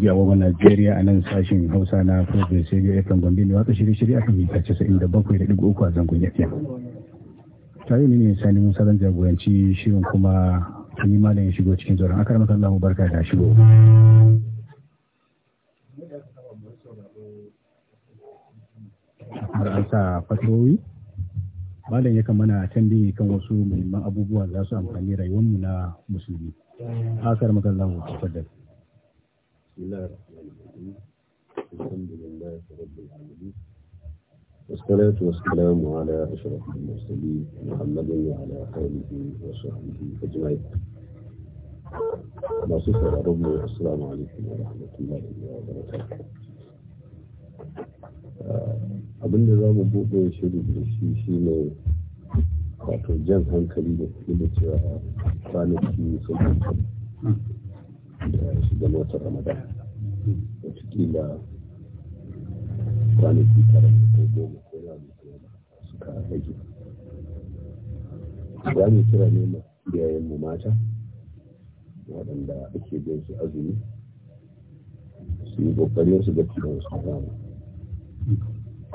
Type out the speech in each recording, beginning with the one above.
yawa wa Najeriya a nan sashen Hausa na Progressive Radio FM Gombe ne watsa shirye-shirye akan mita 97.3 a zangon FM. Tare ne Sani Musa zan jagoranci shirin kuma tuni malam ya shigo cikin zoron akar kan Allah barka da shigo. Har an sa fatowi. Malam yakan mana tambayi kan wasu muhimman abubuwa za su amfani rayuwarmu na musulmi. Akar kan Allah ku fadar. بسم الله الرحمن الرحيم الحمد لله رب العالمين والصلاة والسلام على أشرف المرسلين محمد وعلى آله وصحبه أجمعين ما صفر ربنا السلام عليكم ورحمة الله وبركاته abin da za mu buɗe shirin da shi shi ne wato jan hankali da kuma cewa kwanaki sun shigar watan ramadan watakila kwanaki tara ko goma ko rami suka rage za mu kira ne ma iyayenmu mata waɗanda ake bin su azumi su yi ƙoƙarin su ga cikin su dama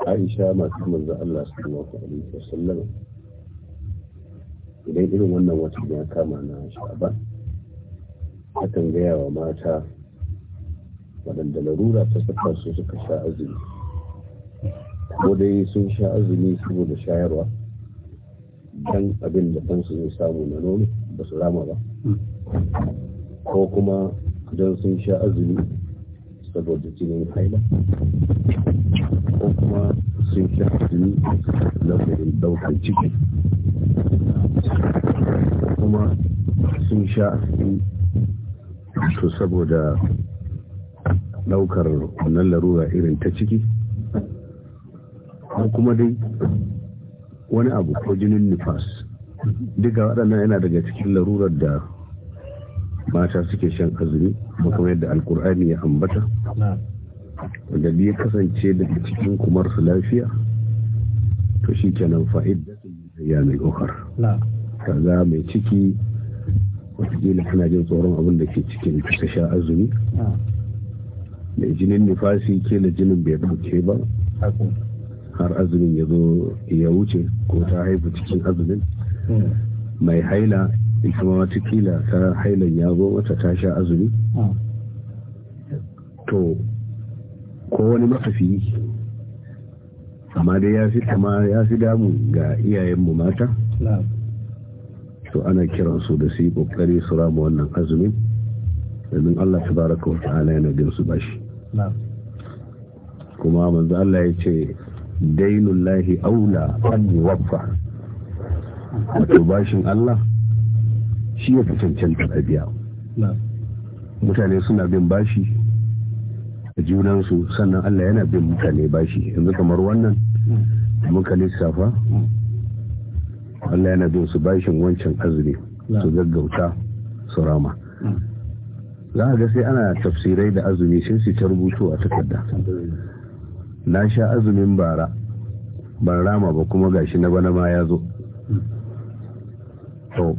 aisha masu manzo Allah sallallahu alaihi wasallam idan irin wannan watan ya kama na sha'aban akan gaya wa mata waɗanda larura ta saka su suka sha azumi ko dai sun sha azumi saboda shayarwa dan abin da su zai samu na nono ba su rama ba ko kuma don sun sha azumi saboda jinin haila ko kuma sun sha azumi na ɗaukar daukar ciki kuma sun sha azumi to saboda daukar wannan larura irin ta ciki ko kuma dai wani abu ko jinin nifas duka waɗannan yana daga cikin larurar da mata suke shan azumi kuma yadda alkur'ani ya ambata wanda ya kasance daga cikin kumar su lafiya to shi kenan fa'id ya mai ƙofar za mai ciki Watakila kana jin tsoron abin da ke cikin ta azumi mai jinin nufasi da jinin bai dauke ba har azumin ya zo ya wuce ko ta haifu cikin azumin mai haila ita ma watakila ta hailan ya zo wata ta sha azumi to ko wani matafi amma dai ya fi damu ga iyayenmu mata to ana kiran su da su yi kokari su rama wannan azumin domin Allah ta baraka wa ta'ala yana bin su bashi kuma manzo Allah ya ce dainul lahi aula an yuwaffa wato bashin Allah shi ya fi cancanta a biya mutane suna bin bashi a junansu sannan Allah yana bin mutane bashi yanzu kamar wannan hmm. muka lissafa hmm. Allah yana bin su bashin wancan azumi su gaggauta su rama za a ga sai ana tafsirai da azumi sai su ta rubutu a takarda na sha azumin bara ban rama ba kuma gashi na bana ma ya zo To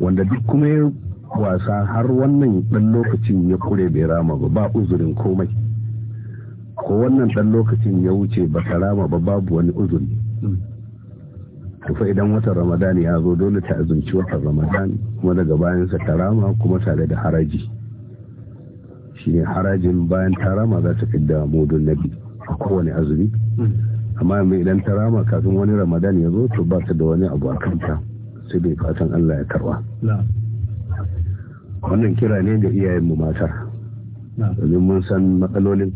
wanda duk kuma ya wasa har wannan dan lokacin ya kure bai rama ba ba uzurin komai ko wannan dan lokacin ya wuce ba ta rama ba babu wani uzuri mm. kufa idan watan ramadan ya zo dole ta azumci watan ramadan kuma daga bayansa ta rama kuma tare da haraji shine harajin bayan tarama rama za ta fidda mudun nabi a kowane azumi amma mai idan ta rama kafin wani ramadan ya zo to ba ta da wani abu a kanta sai dai fatan allah ya karba wannan kira ne ga mu mata domin mun san matsalolin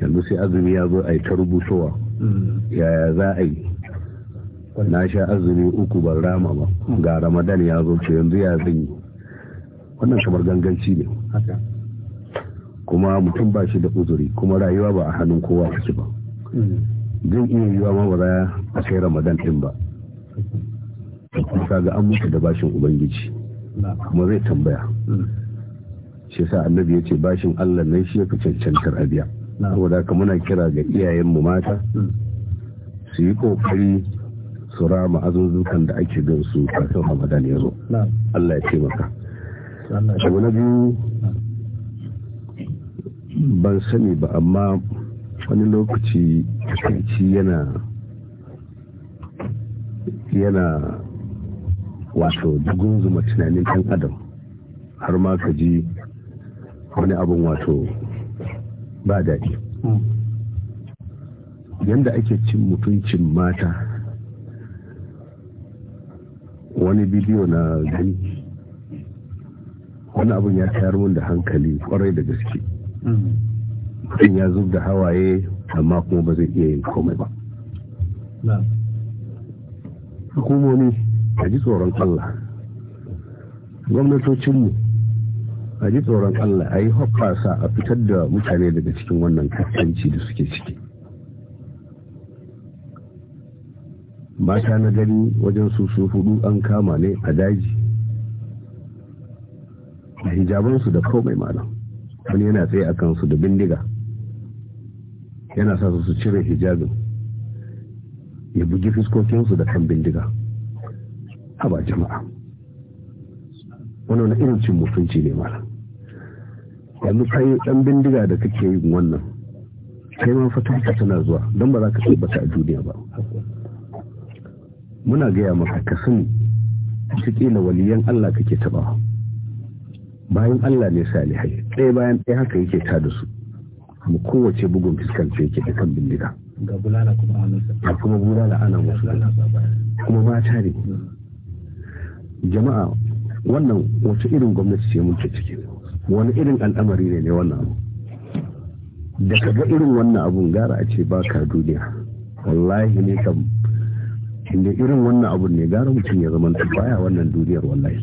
yanzu sai azumi ya zo a yi ta rubutowa mm. yaya za a yi na sha azumi uku ban rama ba ga ramadan ya zo ce yanzu ya zan yi wannan kamar ganganci ne kuma mutum ba shi da uzuri kuma rayuwa ba a hannun kowa take ba hmm. zai iya yiwa ma ba za a kai ramadan din ba kusa ga an mutu da bashin ubangiji kuma zai tambaya hmm. shi sa annabi ya ce bashin allah nan shi ya fi cancantar abiya saboda haka muna kira ga iyayenmu mata hmm. su yi kokari su rama azuzzukan da ake gansu su kafin ramadan ya zo Allah ya ce maka abu na biyu ban sani ba amma wani lokaci takaici yana yana wato dugun zuma tunanin ɗan adam har ma ka ji wani abin wato ba daɗi hmm. yadda ake cin mutuncin mata wani bidiyo na gani wani abin ya tayar mun da hankali kwarai da gaske mutum ya zub da hawaye amma kuma ba zai iya yin komai ba hukumomi a ji tsoron allah gwamnatocinmu a ji tsoron allah a yi hoppasa a fitar da mutane daga cikin wannan kaskanci da suke ciki mata na gani wajen su su hudu an kama ne a daji a hijabansu da komai malam wani yana tsaye a kansu da bindiga yana sa su cire hijabin ya bugi fuskokinsu da kan bindiga a ba jama'a wani wani irin cin mutunci ne malam yanzu kai dan bindiga da kake yin wannan kai ma ka tana zuwa don ba za ka tabbata a duniya ba muna gaya maka ka sani wataƙila waliyan Allah kake taɓa bayan Allah ne salihai ɗaya bayan ɗaya haka yake ta da su kuma kowace bugun fuskanci yake da kan bindiga ga kuma a kuma ana musu kuma mata ne jama'a wannan wata irin gwamnati ce mun ciki wani irin al'amari ne ne wannan abu da ka ga irin wannan abun gara a ce ba ka duniya wallahi ne kan inda irin wannan abun ne gara mutum ya zama baya wannan duniyar wallahi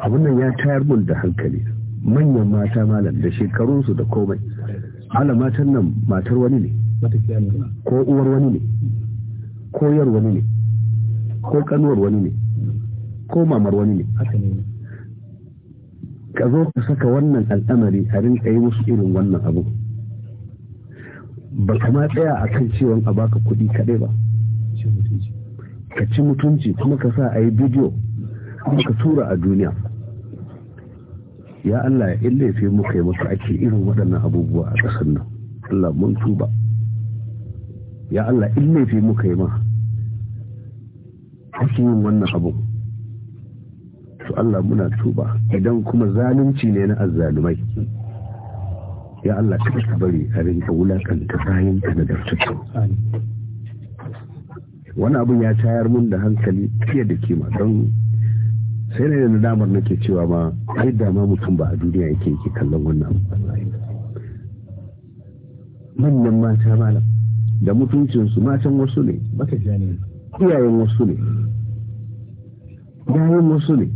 abun nan ya tayar mun da hankali manyan mata malam da shekarunsu da komai Ala matan nan matar wani ne ko uwar wani ne ko yar wani ne ko kanuwar wani ne ko mamar wani ne ka zo ka saka wannan al'amari a rinka yi musu irin wannan abu ba kama tsaya a kan ciwon a baka kuɗi kaɗai ba ka ci mutunci kuma ka sa a yi bidiyo kuma ka tura a duniya ya Allah ya ille sai muka yi maka ake irin waɗannan abubuwa a ƙasar nan Allah mun tuba ya Allah ille sai muka yi ma ake yin wannan abu to Allah muna tuba idan kuma zalunci ne na azzalumai ya Allah ka ka bari a rinka wulakanta bayan ka da dartattu wani abin ya tayar mun da hankali fiye da kima don sai na da damar nake cewa ma ai da ma mutum ba a duniya yake yake kallon wannan manyan mata malam da mutuncinsu matan wasu ne iyayen wasu ne yayin wasu ne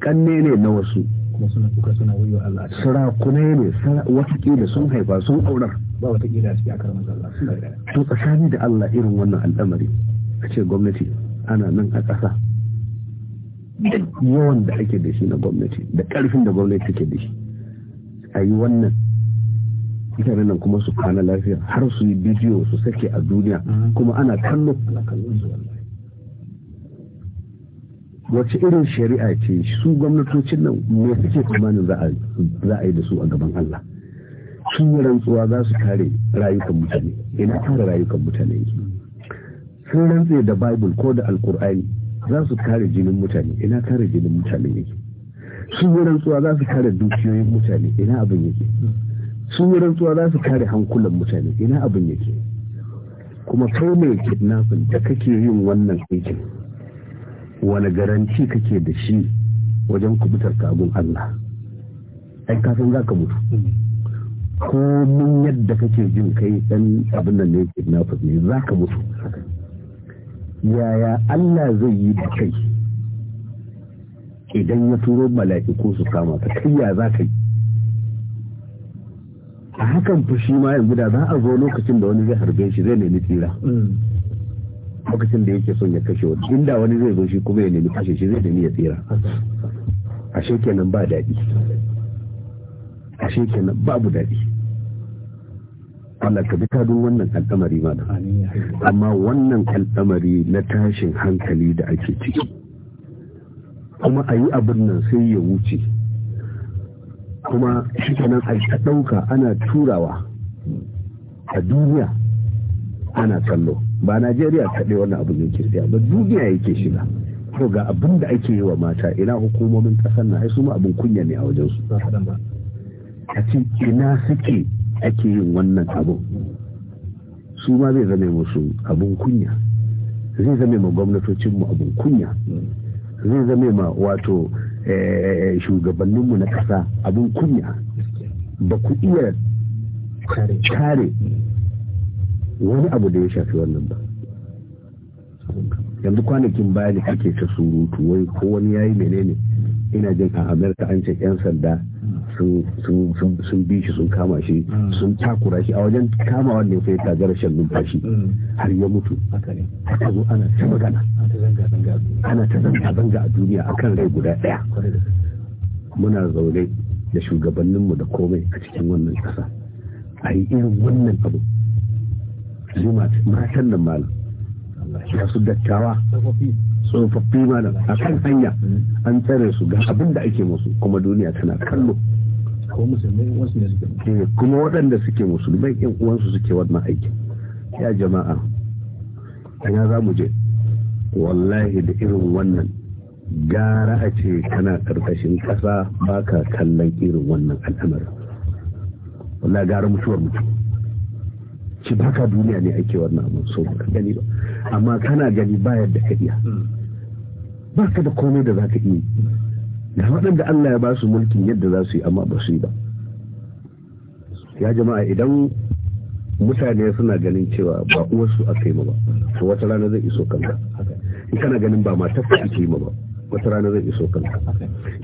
kanne ne na wasu kuma suna kuka suna wuyo Allah sarakunai ne kila sun haifa sun aurar ba kila a cikin akarar Allah to tsakani da Allah irin wannan al'amari a ce gwamnati ana nan a ƙasa da yawan da ake da shi na gwamnati da ƙarfin da gwamnati take da shi a yi wannan mutanen nan kuma su kwana lafiya har su yi bidiyo su sake a duniya mm-hmm. kuma ana kallo wace irin shari'a ce su gwamnatocin nan me suke tsammanin za a yi da su a gaban Allah sun yi rantsuwa za su kare rayukan mutane ina kare rayukan mutane yake sun rantsuwa da bible ko da alkur'ani za su kare jinin mutane ina kare jinin mutane yake sun yi rantsuwa za su kare dukiyoyin mutane ina abin yake sun yi rantsuwa za su kare hankulan mutane ina abin yake kuma kai mai kidnapping da kake yin wannan aikin wani garanti kake da shi wajen kubutar kagun Allah ai kafin za ka mutu komin yadda kake jin kai dan abin nan ne kidnappers ne za ka mutu yaya Allah zai yi da kai idan ya turo mala'iku su kama ka kai ya za ka yi a hakan fushi ma yanzu da za a zo lokacin da wani zai harbe shi zai nemi tsira mm. lokacin da yake son ya kashe wani inda wani zai zo shi kuma ya nemi kashe shi zai da ya tsira A kenan ba daɗi A kenan babu daɗi Allah ka bi kadun wannan al'amari ma da amma wannan al'amari na tashin hankali da ake ciki kuma a yi abin nan sai ya wuce kuma shi kenan a ɗauka ana turawa a duniya ana kallo ba najeriya kaɗai wannan abin yake siya ba duniya yake shiga to ga abin da ake yi wa mata ina hukumomin ƙasar na su ma abin kunya ne a wajen su a ce ina suke ake yin wannan abu su ma zai zame musu abin kunya zai zame ma gwamnatocin mu abin kunya zai zame ma wato eh, shugabanninmu na ƙasa abin kunya ba ku iya kare wani abu da ya shafi wannan ba yanzu kwanakin baya da ake ta surutu wai ko wani yayi menene ina jin a amerika an ce yan sanda sun bi shi sun kama shi sun takura shi a wajen kama wanda sai tagar shan numfashi har ya mutu aka zo ana ta magana ana ta zanga-zanga a duniya akan rai guda daya muna zaune da shugabanninmu da komai a cikin wannan kasa a yi irin wannan abu su matan nan malam ya su dattawa tsofaffi malam a kan hanya an tsare su ga abin da ake musu kuma duniya tana kallo eh, kuma waɗanda suke musulmai yan uwansu suke wannan aiki. ya jama'a ina za mu je wallahi da irin wannan gara a ce kana karkashin ƙasa baka kallon irin wannan al'amarin wallahi gara mutuwar mutum shi ka duniya ne ake wannan abu so ka gani ba amma kana gani ba yadda ka iya hmm. ba ka da komai da za ka iya da waɗanda Allah ya ba su mulkin yadda za su yi amma ba su yi ba ya jama'a idan mutane suna ganin cewa ba uwarsu aka yi ma ba to wata rana zai iso kanka in kana ganin ba matar ka ake yi ma ba wata rana zai iso kanka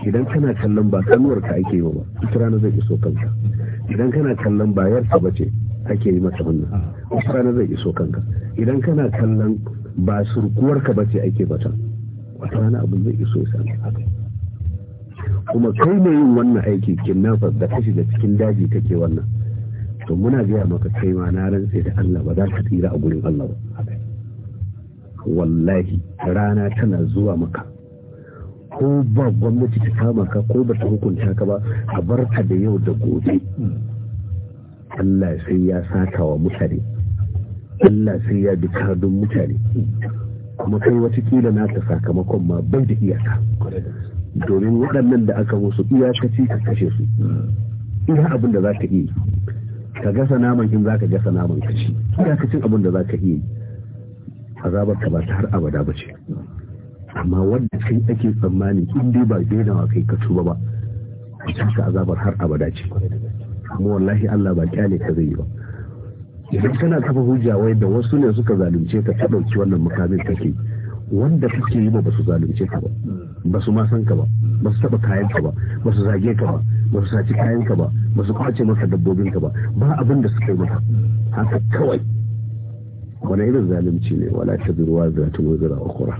idan kana kallon ba kanuwar ka ake yi ma ba wata rana zai iso kanka idan kana kallon ba yarka ba ce ake yi masa wannan Wasu rana zai iso kanka idan kana kallon ba surkuwarka ba ce ake bata wata rana abin zai iso sa kuma kai mai yin wannan aiki kidnappers da kashi da cikin daji kake wannan to muna gaya maka kai ma na rantse da Allah ba za ka tsira a gurin Allah ba wallahi rana tana zuwa maka ko ba gwamnati ta kama ka ko ba ta hukunta ka ba a barka da yau da gobe Allah sai ya sata wa mutane Allah sai ya bi kadun mutane kuma kai watakila naka sakamakon ma bai da iyaka domin waɗannan da aka musu iyakaci ka kashe su iya abin da za ka iya ka gasa naman in za ka gasa naman ka ci iyakacin abin da za ka iya azabar ka ba ta har abada ba ce amma wanda kai ake tsammani in dai ba dainawa kai ka tuba ba ka azabar har abada ce kuma wallahi Allah ba kyale ka zai yi ba idan kana kafa hujja wai da wasu ne suka zalunce ka ta dauki wannan mukamin take wanda kake yi ba su zalunce ka ba ba su ma san ka ba ba su taba kayan ka ba ba su zage ka ba ba su saci kayan ka ba ba su kwace maka dabbobin ka ba ba abin da suka yi maka haka kawai wani irin zalunci ne wala ta zuruwa za ta wuzura ukura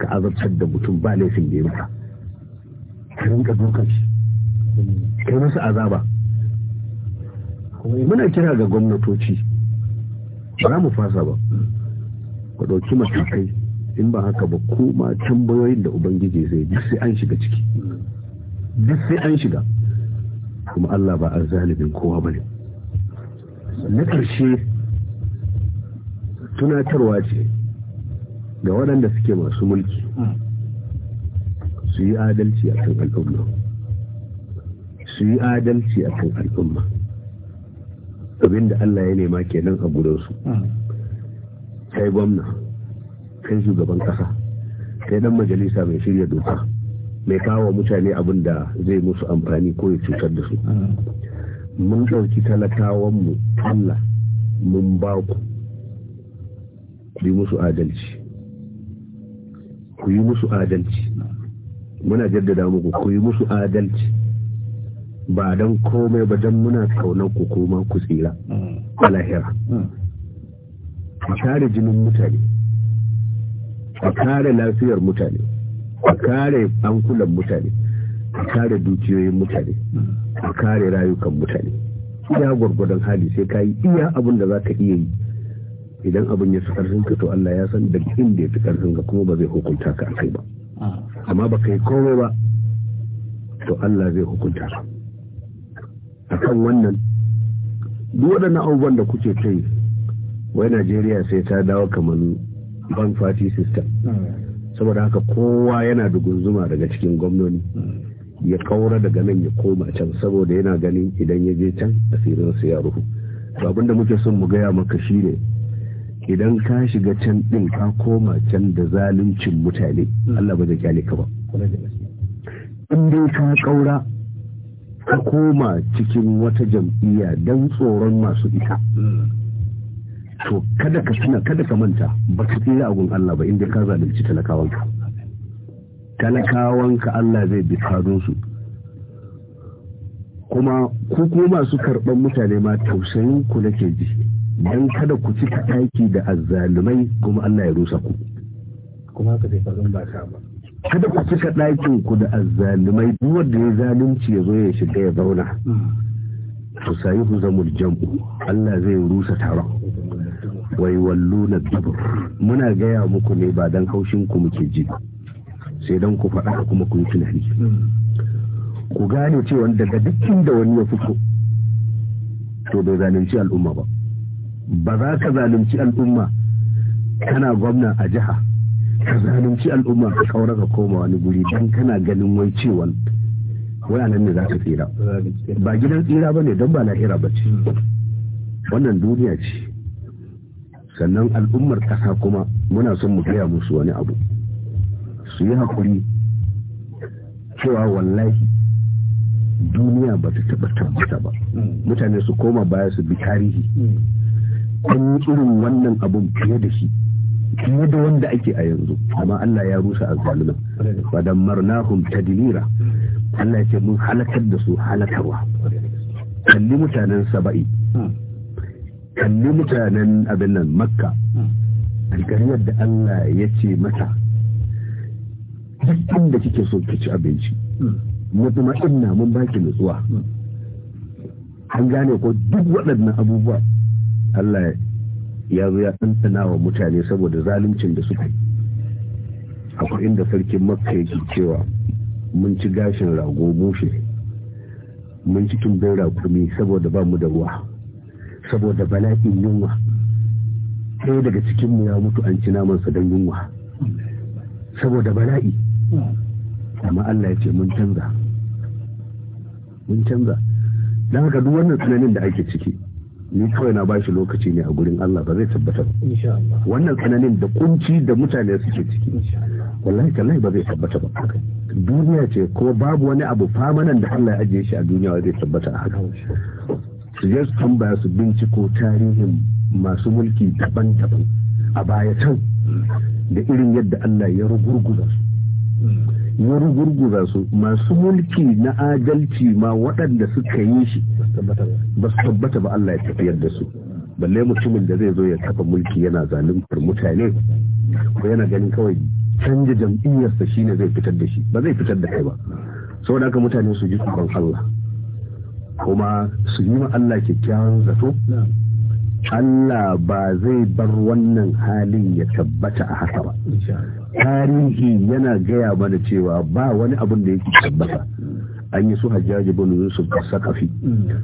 ka azabtar da mutum ba laifin da ya maka ka rinka dukan shi kai masa azaba muna kira ga gwamnatoci ba za mu fasa ba ku ɗauki matakai in ba haka ba kuma tambayoyin da ubangiji zai duk sai an shiga ciki duk sai an shiga kuma Allah ba a zalibin kowa bane na ƙarshe tunatarwa ce ga waɗanda suke masu mulki su yi adalci a kan al'umma su yi adalci a kan al'umma Abin da Allah ya nema kenan a gurinsu kai gwamna kai shugaban ƙasa, kai dan majalisa mai shirya doka mai kawo mutane abin da zai musu amfani ko ya cutar da su mun ɗauki talakawanmu Allah mun ba ku yi musu adalci ku yi musu adalci muna jaddada muku ku yi musu adalci ba don komai ba don muna kaunar ku kuma ku tsira mm. a lahira a mm. kare jinin mutane a kare lafiyar mutane a kare ankulan mutane a kare dukiyoyin mutane a mm. kare rayukan mutane iya gwargwadon hali sai ka yi iya abin da za ka iya yi idan abin ya fi karfin ka to Allah ya san da inda ya fi karfin ka kuma ba zai hukunta ka akai ba ah. amma ba yi komai ba to Allah zai hukunta ka akan wannan duk waɗannan abubuwan da kuke kai wai najeriya sai ta dawo kamar bank party system saboda haka kowa yana da gunzuma daga cikin gwamnoni ya kaura daga nan ya koma can saboda yana ganin idan ya je can asirin su ya ruhu to abinda muke son mu gaya maka shi ne, idan ka shiga can ɗin ka koma can da zaluncin mutane Allah ba zai kyale ka ba in dai ka kaura ka koma cikin wata jam'iyya don tsoron masu ita to kada ka tuna kada ka manta ba ka tsira agun Allah ba inda ka zalunci talakawanka talakawanka Allah zai bi su kuma ku kuma masu karɓar mutane ma tausayin ku ke ji don kada ku cika aiki da azzalumai kuma Allah ya rusa ku kuma ka zai faɗin ba ba kada ku cika ɗakin ku da azzalumai duk wanda ya zalunci ya zo ya shiga ya zauna Ku sayi ku zama jam'u Allah zai rusa taron wai wallo na dubur muna gaya muku ne ba dan haushin ku muke ji sai dan ku faɗa kuma ku yi tunani ku gane cewa daga dukkan da wani ya fito to bai zalunci al'umma ba ba za ka zalunci al'umma kana gwamna a jiha ka zalunci al'umma ka kaura ka koma wani guri dan kana ganin wai cewa wai ne za ka tsira ba gidan tsira ba ne don ba lahira ba ce wannan duniya ce sannan al'ummar kasa kuma muna son mu gaya musu wani abu su yi haƙuri cewa wallahi duniya ba ta taɓa tabbata ba mutane su koma baya su bi tarihi kun irin wannan abun fiye da shi fiye da wanda ake a yanzu amma Allah ya rusa zalima wa dammarnahum tadlira Allah ya ce mun halakar da su halakarwa kalli mutanen saba'i kalli mutanen abin nan makka alkariyar da Allah ya ce mata dukkan da kike so ki ci abinci mutuma inna mun baki nutsuwa an gane ko duk waɗannan abubuwa Allah ya zo ya tsantsana wa mutane saboda zaluncin da suka yi akwai inda sarkin makka yake cewa mun ci gashin rago bushe mun ci tumbin rakumi saboda ba mu da ruwa saboda bala'in yunwa ɗaya daga cikinmu ya mutu an ci namansa don yunwa saboda bala'i amma Allah ya ce mun canza mun canza don haka duk wannan tunanin da ake ciki ni kawai na bashi lokaci ne a gurin Allah ba zai tabbatar wannan tsananin da kunci da mutane suke ciki wallahi tallahi ba zai tabbata ba duniya ce ko babu wani abu famanan da Allah ya ajiye shi a duniya zai tabbata a haka su yi tambaya su binciko tarihin masu mulki daban-daban a baya can da irin yadda Allah ya rugurguza su mm. ya rugurguza su masu mulki na adalci ma waɗanda suka yi shi ba su tabbata ba Allah ya tafiyar da su balle mutumin da zai zo ya kafa mulki yana zaluntar mutane ko yana ganin kawai canja jam'iyyarsa shine zai fitar da shi ba zai fitar da kai ba saboda haka mutane su ji tsoron Allah kuma su yi ma Allah kyakkyawan zato Allah ba zai bar wannan halin ya tabbata a haka ba tarihi yana gaya mana cewa ba wani abin da yake tabbata an yi su hajjaji bin yusuf a sakafi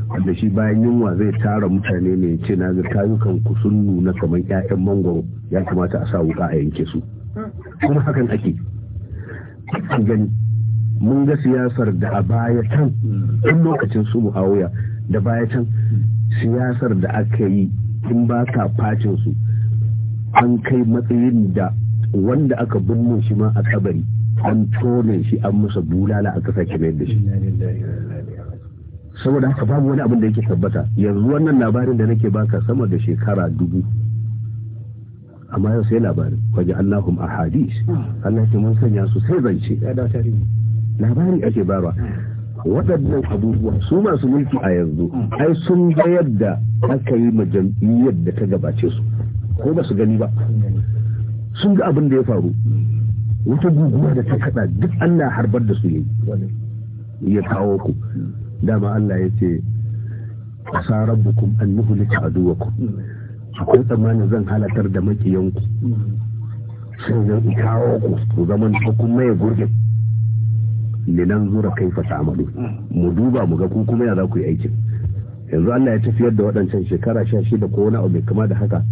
wanda shi bayan yunwa zai tara mutane ne ce na ga kayukan ku sun nuna kamar 'ya'yan mangoro ya kamata a sa wuka a yanke su kuma hakan ake gani mun ga siyasar da a baya can tun lokacin su muawiya da baya can siyasar da aka yi in ba ka facin su an kai matsayin da wanda aka binne shi ma a kabari an tone shi an masa bulala a kasa mayar da shi saboda haka babu wani abin da yake tabbata yanzu wannan labarin da nake baka sama da shekara dubu amma yau sai labarin waje a hadis. Allah ke mun sanya su sai zance labari ake barwa hmm. waɗannan abubuwa su masu mulki a yanzu hmm. ai sun bayar da aka yi ma da ta gabace su ko ba su gani ba sun ga abin da ya faru wata guguwa da ta kada duk Allah harbar da su yi ya kawo ku dama Allah ya ce asa rabbukum an muhlika aduwakum akwai tsammanin zan halatar da makiyanku sai zan kawo ku ku zaman kun maye gurgin linan zura kai fa mu duba mu ga ku kuma za ku yi aikin yanzu Allah ya tafiyar da waɗancan shekara sha shida ko wani abu kama da haka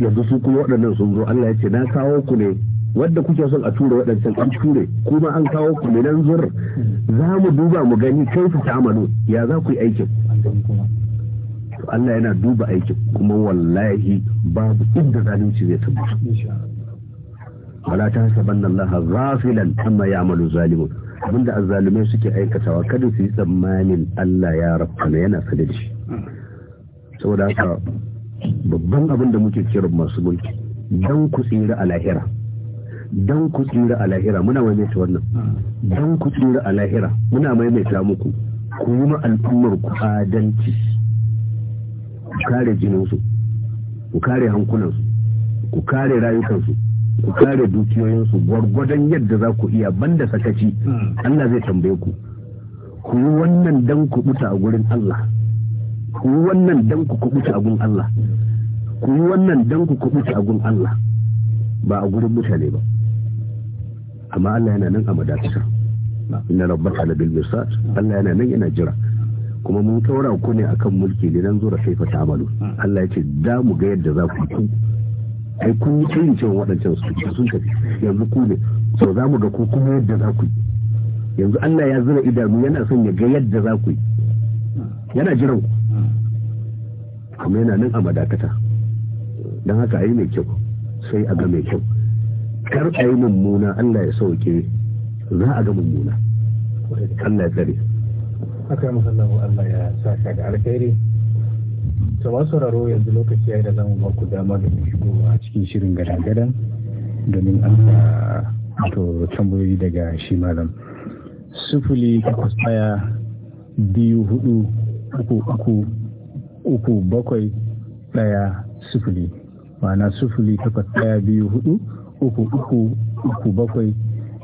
yanzu su kuma waɗannan sun zo Allah ya ce na kawo ku ne wadda kuke son a tura waɗancan an ture kuma an kawo ku ne nan zur za mu duba mu gani kai ta amalu ya za ku yi aikin Allah yana duba aikin kuma wallahi babu inda zalunci zai tabbata wala ta sabanna Allah ghafilan amma ya'malu zalimun abinda azzalimai suke aikatawa kada su yi tsammanin Allah ya rabbana yana sadar shi saboda haka babban abin da muke kira masu mulki don ku tsira a lahira don ku tsira a lahira muna maimaita wannan don ku tsira a lahira muna maimaita muku ku yi al'ummar ku adalci ku kare jininsu ku kare hankunansu, ku kare rayukansu ku kare dukiyoyinsu gwargwadon yadda za ku iya banda sakaci hmm. Allah zai tambaye ku ku yi wannan dan ku buta a gurin Allah ku yi wannan dan ku kubuta abun Allah ku yi wannan dan ku kubuta abun Allah ba a gurin mutane ba amma Allah yana nan a madatsar inna rabbaka ala bil mirsad Allah yana nan yana jira kuma mun taura ku ne akan mulki ne dan zura sai fa ta'amalu Allah yace da mu ga yadda za ku ku ai kun yi cin cin wadancan su sun tafi yanzu ku ne so za mu ga ku kuma yadda za ku yanzu Allah ya zura idanu yana son ya ga yadda za ku yana jiran ku kuma yana nan a madakata don haka a yi mai kyau sai a ga mai kyau kar a yi mummuna Allah ya sauke za a ga mummuna Allah ya tsare aka yi musallahu Allah ya saka da alkhairi ta ba raro yanzu lokaci ya da zamu ba ku dama da shigo a cikin shirin gada-gada domin an to tambayoyi daga shi malam sufuli takwas daya biyu hudu uku uku uku bakwai ɗaya sufuli ma'ana sufuli takwas ɗaya biyu hudu uku uku uku bakwai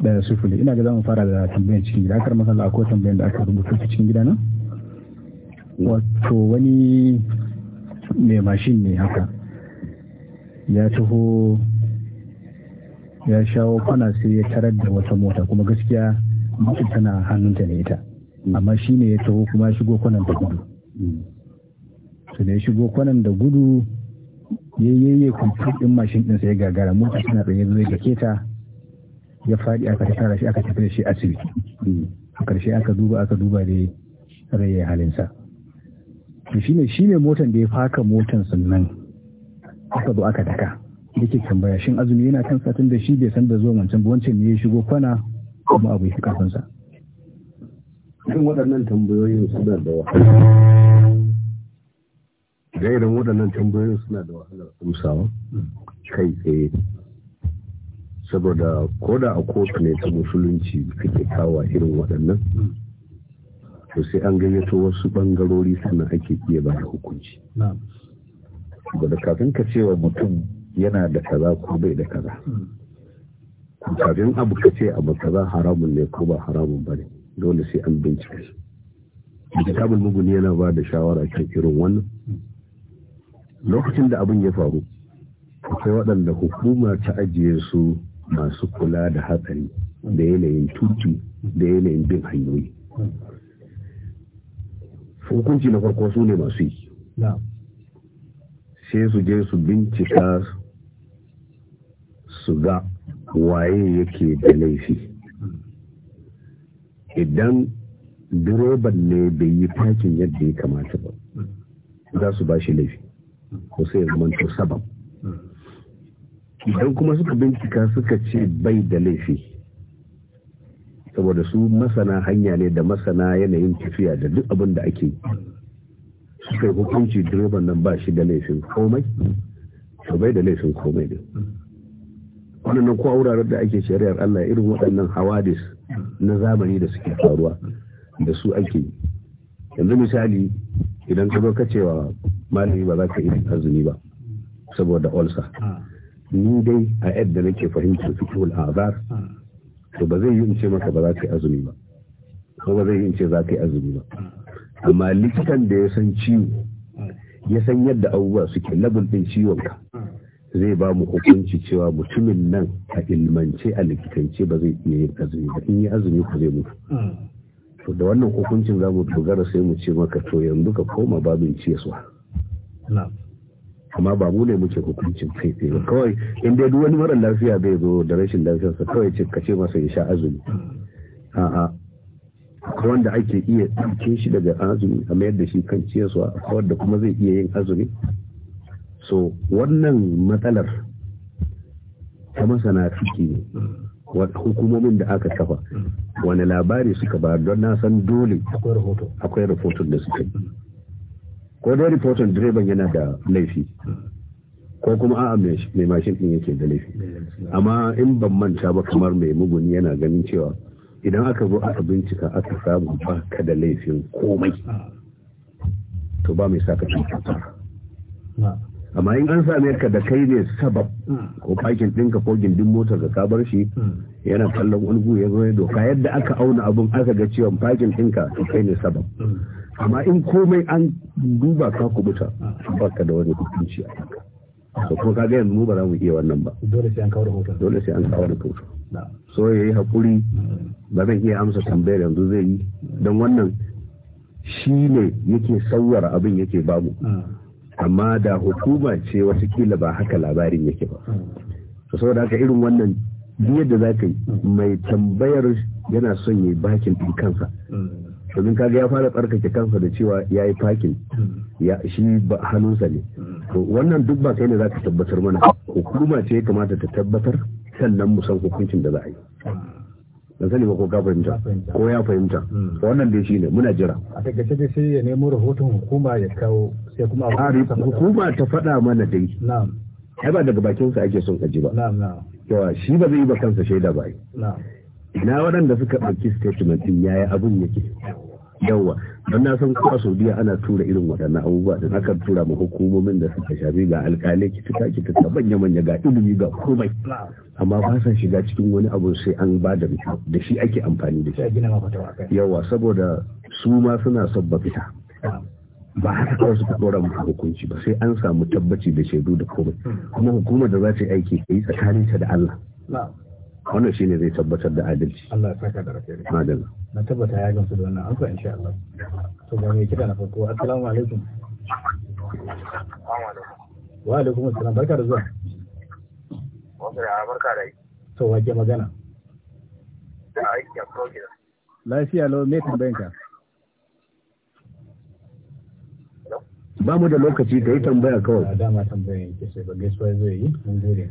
ɗaya sufuli ina ga zamu fara da tambayan cikin gida akar masala ko tambayan da aka rubuta cikin gida nan wato wani mai mashin ne haka ya taho ya shawo kwana sai ya tarar da wata mota kuma gaskiya mutum tana hannunta ne ita amma shi ne ya taho kuma ya shigo kwanan da gudu to da ya shigo kwanan da gudu ya yayye kwamfi ɗin mashin ɗin sai ya gagara mota tana ɗanye zai ga keta ya faɗi aka tara shi aka tafi da shi asibiti hmm. a ƙarshe aka duba aka duba da raye halinsa ne shi ne motan da ya faka motan sannan aka zo aka daka ke tambaya shin azumi yana kan satin da shi bai san da zuwa mancan ba wancan ne ya shigo kwana kuma abu ya fi kafinsa. irin waɗannan tambayoyin suna da wahala irin waɗannan tambayoyin suna da wahalar amsawa kai tsaye saboda koda a kotu ne ta musulunci kake kawo irin waɗannan to sai an gayyato wasu bangarori sannan ake iya ba da hukunci da kafin ka cewa mutum yana da kaza ko bai da kaza kafin abu ka ce abu kaza haramun ne ko ba haramun ba ne dole sai an bincika shi kitabul muguni yana ba da shawara kan irin wannan lokacin da abin ya faru akwai waɗanda hukuma ta ajiye su masu kula da hatsari da yanayin tuki da yanayin bin hanyoyi hukunci na farko su ne masu yi sai su je su bincika su ga waye yake da laifi idan direban ne bai yi fakin yadda ya kamata ba za su ba shi laifi ko sai ya sabab idan kuma suka bincika suka ce bai da laifi saboda su masana hanya ne da masana yanayin tafiya da duk abin da ake suka yi hukunci direban nan ba shi da laifin komai to bai da laifin komai ne Wannan ko wuraren da ake shari'ar Allah irin waɗannan hawadis na zamani da suke faruwa da su ake yanzu misali idan ka zo ka cewa malami ba za ka yi azumi ba saboda olsa ni dai a yadda nake fahimtar fito azar to ba zai yi in maka ba za ka yi azumi ba ko ba zai yi in ce za ka yi azumi ba amma likitan da ya san ciwo ya san yadda abubuwa suke labul din ka, zai ba mu hukunci cewa mutumin nan a ilmance a likitance ba zai iya yin azumi ba in yi azumi ko zai mutu to da wannan hukuncin za mu dogara sai mu ce maka to yanzu ka koma babin ciyaswa amma ba mu ne muke hukuncin kai sai ba kawai in dai duk wani mara lafiya bai zo da rashin lafiyarsa kawai ce kace masa ya sha azumi a'a akwai wanda ake iya ɗauke shi daga azumi a mayar da shi kan ciyarwa akwai wanda kuma zai iya yin azumi so wannan matsalar ta masana fiki hukumomin da aka kafa mm. wani labari suka ba don na san dole akwai rahoton da suka yi ko dai rifoton direban yana da laifi ko kuma a'a mai mashin din yake da laifi amma in ban manta ba kamar mai muguni yana ganin cewa idan aka zo aka bincika aka samu ba ka da laifin komai to ba mai saka cutar amma in an same ka da kai ne sabab hmm. ko fakin ɗinka ko gindin motar da ka bar shi hmm. yana kallon wani ya zo doka yadda aka auna abun aka ga cewa fakin ɗinka to kai ne sabab hmm. amma in komai an duba ka kubuta baka da wani hukunci a yanka so kuma ka ga yanzu ba za mu iya wannan ba dole sai an kawo rahoto dole sai an kawo rahoto so ya yi hakuri ba zan iya amsa tambayar yanzu zai yi don wannan shi ne yake sauwar abin yake bamu ah. amma da hukuma ce kila ba haka labarin yake ba so saboda haka irin wannan yadda za ka yi mai tambayar yana son ya bakin ɗin kansa hmm. domin kaga ya fara tsarkake kansa da cewa ya yi fakin ya shi ba hannunsa ne to wannan duk ba kai ne za ka tabbatar mana hukuma ce ya kamata ta tabbatar sannan mu san hukuncin da za a yi ban sani ba ko ka fahimta ko ya fahimta wannan dai shine muna jira a takaice dai sai ya nemo rahoton hukuma ya kawo sai kuma hukuma ta faɗa mana dai na'am ai ba daga bakin ake son ka ji ba na'am na'am yawa shi ba zai yi ba kansa shaida ba na'am ina waɗanda suka ɗauki statement ɗin yaya abin yake yawa don na san kuma saudiya ana tura irin waɗannan abubuwa da aka tura ma hukumomin da suka shafi ga alƙalai ki alkalai ki kitata manya manya ga ilimi ga komai amma ba sa shiga cikin wani abu sai an ba da da shi ake amfani da shi yawa saboda su ma suna sabba fita ba haka kawai suka ɗora mu hukunci ba sai an samu tabbaci da shaidu da komai hmm. kuma hukumar da za ta yi aiki yi tsakaninta da Allah wannan shi ne zai tabbatar da adalci Allah ya saka da rafe madalla na tabbata ya gamsu da wannan an amsa insha Allah to ga mai kira na farko assalamu alaikum wa alaikum assalam barka da zuwa Wa barka da yi. to wa ke magana da aiki a progress lafiya lo me ka? ba mu da lokaci da yi tambaya kawai dama tambayan ke sai ba gaisuwa zai yi mun gode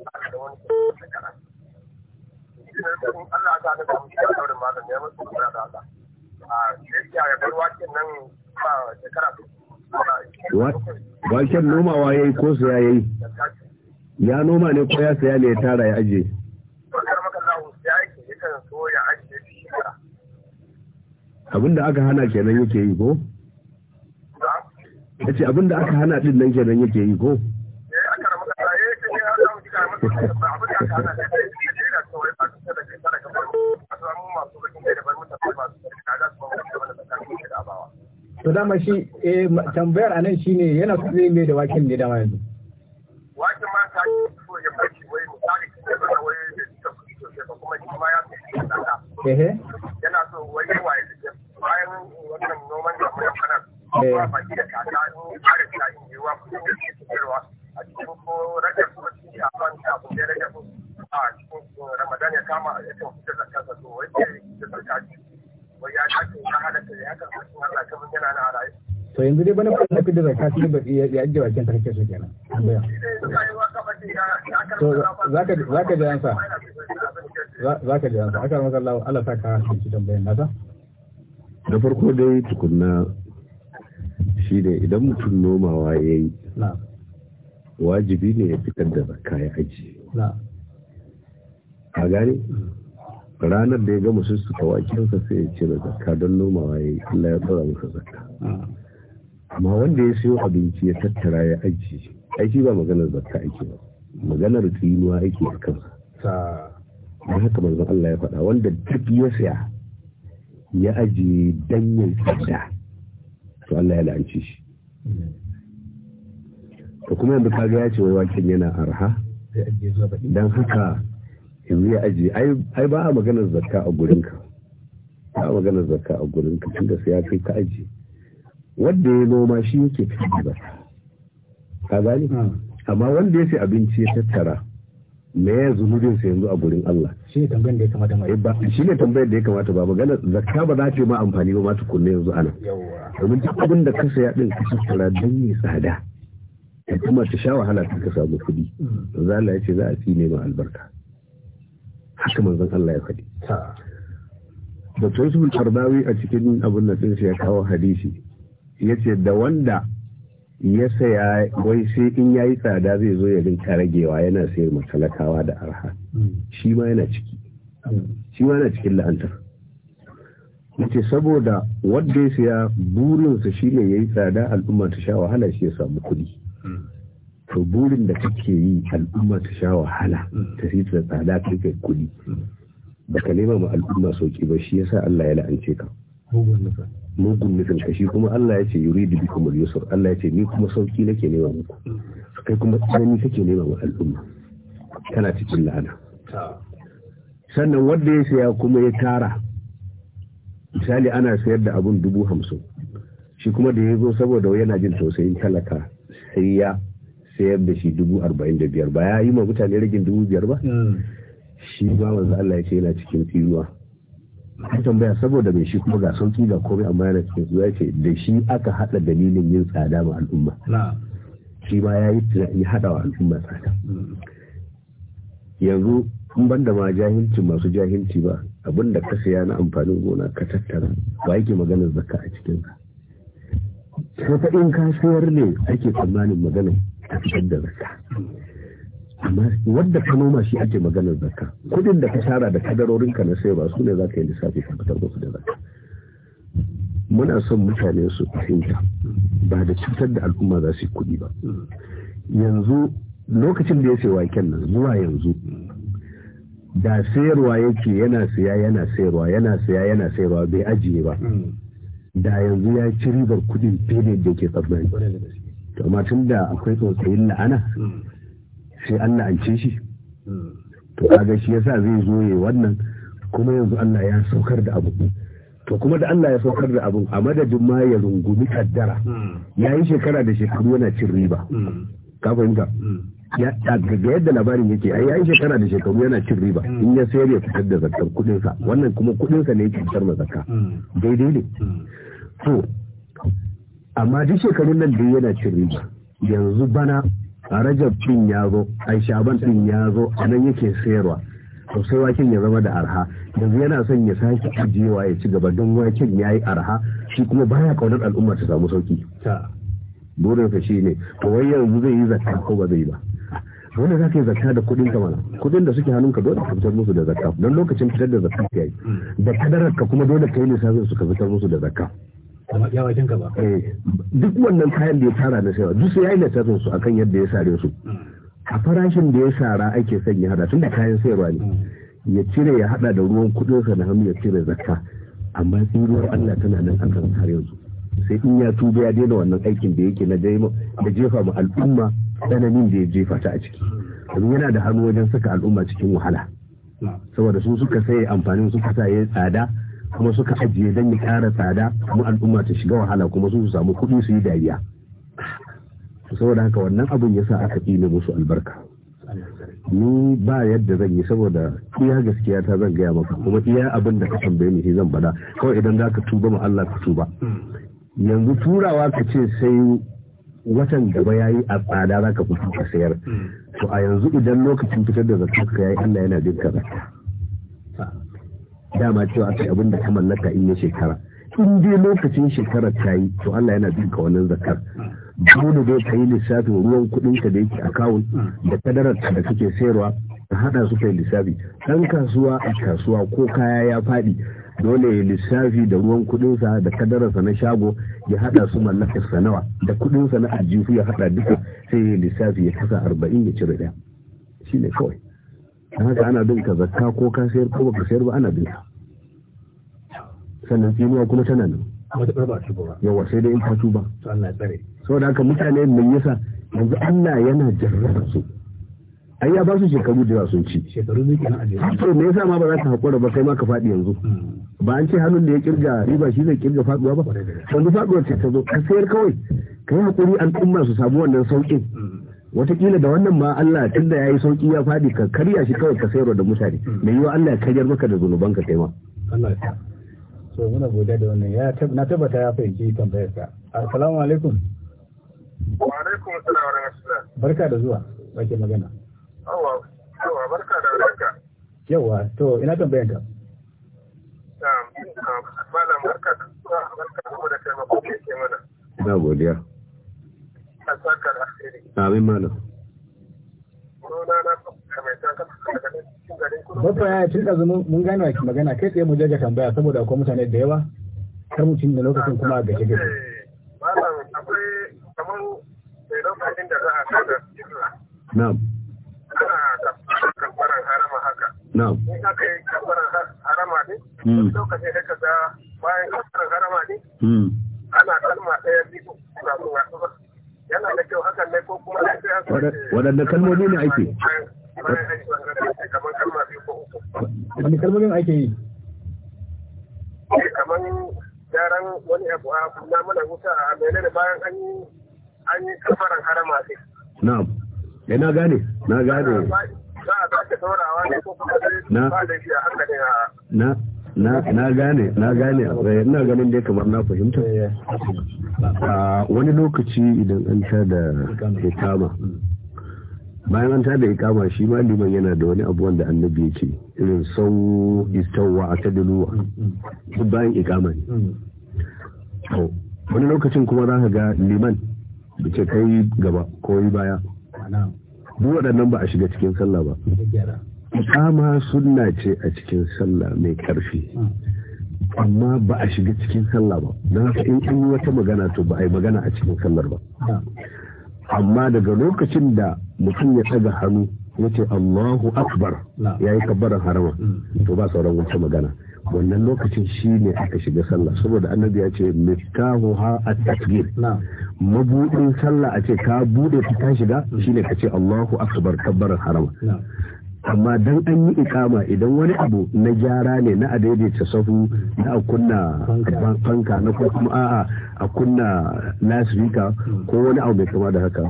aka a Waken nomawa ya yi ko ya yi? Ya noma ne ko ya saya ne ya tara ya aje? Abin aka hana kenan yake yi ko? Ya ce abin aka hana din nan kenan yake yi ko? To dama shi eh tambayar anan shine yana so zai mai da waken ne dama yanzu. Waken ma ta yi so ya bashi wai misali da ba wai da ta ya sosai kuma shi ma ya fi da tsada. Yana so wai waye ya bayan wannan noman da kuma kana kuma eh. baki da kaka in ƙara ta yin yiwa da ke a cikin ko rage kuma a wanda abu da rage musu a cikin uh, ramadan ya kama ya ce da zakka da so wai ce da zakka ce wai ya kace ya halatta ya kan kasu Allah kamar yana na rayu to yanzu dai bana kuma fitar da zakka shi ba ya ajiye bakin ta kake so kenan tambaya to zaka zaka ji ansa zaka ji ansa aka maka Allah Allah saka shi tambayan nata da farko dai tukunna shi ne idan mutum nomawa yayi na'am wajibi ne ya fitar da zakka ya aji a gani ranar da ya gama sussuka wakensa sai ya cire zakka don nomawa ya yi Allah ya tsara masa zakka amma wanda ya siyo abinci ya tattara ya aji aiki ba maganar zakka aiki ba maganar tsinuwa aiki a kansa Na haka manzon Allah ya faɗa wanda duk ya siya ya ajiye danyen tsada to Allah ya la'anci shi mm. Ka kuma yanzu ka ya ce waken yana arha don haka yanzu ya aji ai ba a maganar zakka a gurinka ba a maganar zakka a gurinka tun da sai ya kai ka aji wanda ya noma shi yake fi zakka ka gani hmm. amma wanda ya fi abinci ya tattara me ya zunubin sai yanzu a gurin Allah shi ne tambayar da ya kamata ma eh, ba shi ne tambayar da ya kamata ba magana zakka ba za ta ma amfani ba ma tukunne yanzu ana domin duk abin da ka saya din ka tattara don yi tsada kuma ta sha wahala ta ka samu kuɗi za Allah ya ce za a fi nema albarka haka manzon Allah ya faɗi Dr. Yusuf Tardawi a cikin abin da sun ya kawo hadisi ya ce da wanda ya saya wai sai in ya yi tsada zai zo ya rinka ragewa yana sayar matalakawa da arha shi ma yana ciki shi ma yana cikin la'antar yace saboda wanda ya saya burinsa shine yayi tsada al'umma ta sha wahala shi ya samu kuɗi to burin da kake yi al'umma ta sha wahala mm. ta fi da tsada ta kai kuɗi mm. baka nema ma al'umma sauki ba shi yasa Allah ya la'ance ka mugun nufin ka shi kuma Allah ya ce da bikin al Yusuf. Allah ya ce ni kuma sauki nake nema muku mm. kai kuma tsanani kake nema ma al'umma kana cikin la'ana sannan wanda ya saya kuma ya tara misali ana sayar da abun dubu hamsin shi kuma da ya zo saboda yana jin tausayin talaka sai ya sayar da shi dubu arba'in da biyar ba ya yi ma mutane ragin dubu biyar ba hmm. shi ba wanzu Allah ya ce yana cikin tsinuwa an tambaya saboda mai shi kuma ga sauki ga komai amma yana cikin tsiruwa ce da shi aka hada dalilin yin tsada ma al'umma shi ma ya yi tunani hada wa al'umma tsada yanzu in ban da ma jahilci masu jahilci ba abin da ka saya na amfanin gona ka tattara ba yake maganar zakka a cikin ka ta in ka sayar ne ake tsammanin maganar ka da zakka amma wanda ka noma shi ake maganar zakka kudin da ka shara da kadarorin ka na sayarwa ba su ne za ka yi lissafi ka fitar da zakka muna son mutane su fahimta ba da cutar da al'umma za su yi kuɗi ba yanzu lokacin da ya ce waken nan zuwa yanzu da sayarwa yake yana siya yana sayarwa yana siya yana sayarwa bai ajiye ba mm. da yanzu ya ci ribar kudin fiye da yake tsammani to amma tun da akwai tsotsayin la'ana hmm. sai an la'ance shi hmm. to kaga shi yasa zai zo ya wannan kuma yanzu Allah ya saukar da abu to kuma da Allah ya saukar da abu a madadin ma ya rungumi kaddara hmm. ya yi shekara da shekaru yana cin riba ka fahimta ga yadda labarin yake ai ya yi shekara da shekaru yana cin riba in ya sayar ya fitar da zakar kudinsa wannan kuma kudinsa ne ya cutar ma zakka daidai ne to amma duk shekarun nan da yana cin riba yanzu bana a rajab din ya zo a shaban din ya zo a nan yake sayarwa to sai waken ya zama da arha yanzu yana son ya sake ajiyewa ya ci gaba don waken ya yi arha shi kuma baya kaunar al'umma ta samu sauki ka shi ne to wai yanzu zai yi zakka ko ba zai ba wanda za ka yi zakka da kudin ka mana kudin da suke hannunka dole ka fitar musu da zakka don lokacin fitar da zakka ya yi da kadarar ka kuma dole ka yi lissafin su ka fitar musu da zakka yawa ba eh, duk wannan kayan da ya tara na sayawa duk sai ya yi lissafin su akan yadda ya sare su mm. a farashin da ya sara ake son ya hada tun da kayan sayarwa ne mm. ya cire ya hada da ruwan kudinsa na hannu ya cire zakka amma tsiruwar Allah tana nan akan har su sai in ya tuba ya daina wannan aikin da yake na jefa ma al'umma tsananin da ya jefa ta a ciki kuma yana da hannu wajen saka al'umma cikin wahala mm. saboda sun suka sai amfanin suka sa ya tsada kuma suka ajiye don ya kara tsada kuma al'umma ta shiga wahala kuma su samu kuɗi su yi dariya saboda haka wannan abin yasa aka ƙine musu albarka ni ba yadda zan yi saboda iya gaskiya ta zan gaya maka kuma iya abin da ka tambaye ni zan bada kawai idan za ka tuba ma Allah ka tuba yanzu turawa ka ce sai watan gaba ya yi a tsada za ka fito ka sayar to a yanzu idan lokacin fitar da zakka ka yi Allah yana jin ka dama cewa akai abin da ka mallaka in ya shekara in dai lokacin shekarar ta yi to Allah yana bin ka wannan zakar dole dai ka yi lissafin ruwan kuɗin ka da yake akawun da kadarar da kake sayarwa ka haɗa su kai lissafi ɗan kasuwa a kasuwa ko kaya ya faɗi dole ya lissafi da ruwan kuɗinsa da kadararsa na shago ya haɗa su mallakarsa nawa da kuɗinsa na aljihu ya haɗa duka sai ya lissafi ya kasa arba'in ya cire ɗaya shi ne kawai don haka ana bin ka zakka ko ka sayar ko baka sayar ba ana bin ka sannan tsinuwa kuma tana nan yawa sai dai in ka tuba saboda haka mutane mun yasa yanzu Allah yana jarraba su ai ya ba su shekaru da sun ci shekaru ne kenan a to me yasa ma ba za ka hakura ba kai ma ka faɗi yanzu hmm. ba an ce hannun da ya kirga riba shi zai kirga faduwa ba yanzu faduwar ce ta zo ka sayar kawai kai hakuri al'umma su samu wannan sauƙin? Hmm. watakila da wannan ma Allah ya yi sauki ya fadi ka karya shi kawai ka sayarwa da mutane mai hmm. yiwa Allah ya karyar maka da zunuban ka kai ma ya so muna godiya da wannan ya na tabbata ya fahimci tambayar ka assalamu alaikum wa alaikum assalam wa rahmatullah barka da zuwa bake magana yawa yawa barka da yawa to ina tambayar ka malam barka da zuwa barka da taimako ke mana na godiya a asiri. Amin malam. Bafa ya zama mun gane wa magana kai tsaye mu jaga tambaya saboda akwai mutane da yawa kar mu cinye lokacin kuma a gaje gaje. Eh, malam akwai kamar lokacin da za a kada jirla. Na'am. Ana kafaran harama haka. Na'am. bayan kafaran harama ne. Hmm. waɗanda kalmomi ne ake wani ake yi eh, wani abu a na mana wuta a bayan an yi an yi kafaran harama na eh, na gane na gane za a sake saurawa ne ko kuma na ba da shi a na na gane na gane eh, ina ganin dai kamar na fahimta a wani lokaci idan an sha da ikama bayan an tada ikama shi ma liman yana da wani abuwan da annabi yake irin sau istawa a tadiluwa duk bayan ikama ne wani lokacin kuma za ka ga liman da ce kai gaba ko yi baya duk waɗannan ba a shiga cikin sallah ba ikama sunna ce a cikin sallah mai ƙarfi amma ba a shiga cikin sallah ba don haka in yi wata magana to ba a yi magana a cikin sallar ba amma daga lokacin da mutum ya ɗaga hannu ya ce Allahu Akbar ya yi kabbaran harama mm. to ba sauran wata magana wannan lokacin shi ne aka shiga sallah saboda annabi ya ce miftahu ha a takbir mabudin sallah a ce ka bude ta shiga mm. Shi ne ka ce Allahu Akbar kabbaran harama amma dan an yi ikama idan wani abu na gyara ne na adaidaita sahu na kunna fanka na kuma a'a a kunna week ko wani abu mai kama da haka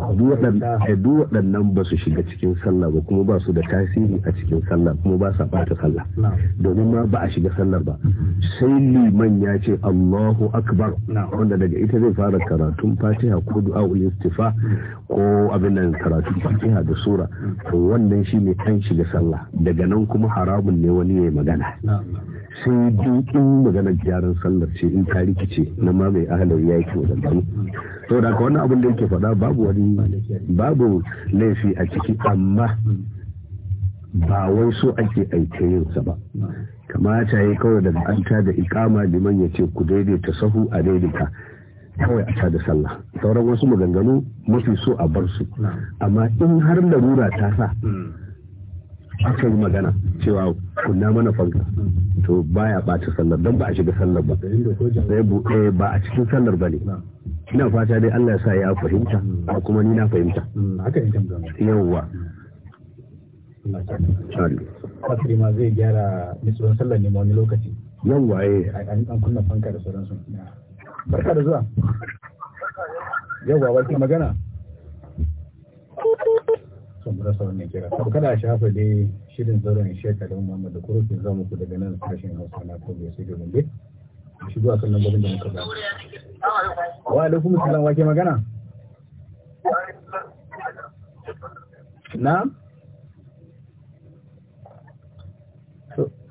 eh, duk waɗannan ba su shiga cikin sallah ba kuma ba su da tasiri a cikin sallah kuma ba sa ɓata sallah domin ma ba a shiga sallah ba mm-hmm. sai liman ya ce Allahu akbar wanda daga ita zai fara karatun fatiha ko du'a istifa ko abin nan karatun fatiha da sura mm. to wannan shi ne an shiga sallah daga nan kuma haramun ne wani ya yi magana sai dukin maganar gyaran sallar ce in ta rikice na ma mai ahalar ya yake wadannan saboda haka wannan abin da yake faɗa babu wani babu laifi a ciki amma ba wai so ake aike yinsa ba kamata ya kawai daga an da ikama liman ya ce ku daidaita sahu a daidaita kawai a da sallah sauran wasu maganganu mafi so a bar su amma in har larura ta sa hmm. aka yi magana cewa kunna mana fanka to baya ɓaci sallar don ba a shiga sallar ba eh, ba a cikin sallar ba ne ina fata dai Allah ya sa ya fahimta a kuma ni na fahimta yawwa fasiri ma zai gyara nitsuwan sallar ne wani lokaci yawwa eh an kunna fanka da sauransu barka da zuwa yawwa barka magana sun rasa wannan kira to kada a shafa dai shirin zauren shekarun muhammad da kurufin zamu ku daga nan sashen hausa na kobe sai da gombe shigo a kan lambarin da muka ba wa alaikum salam wake magana na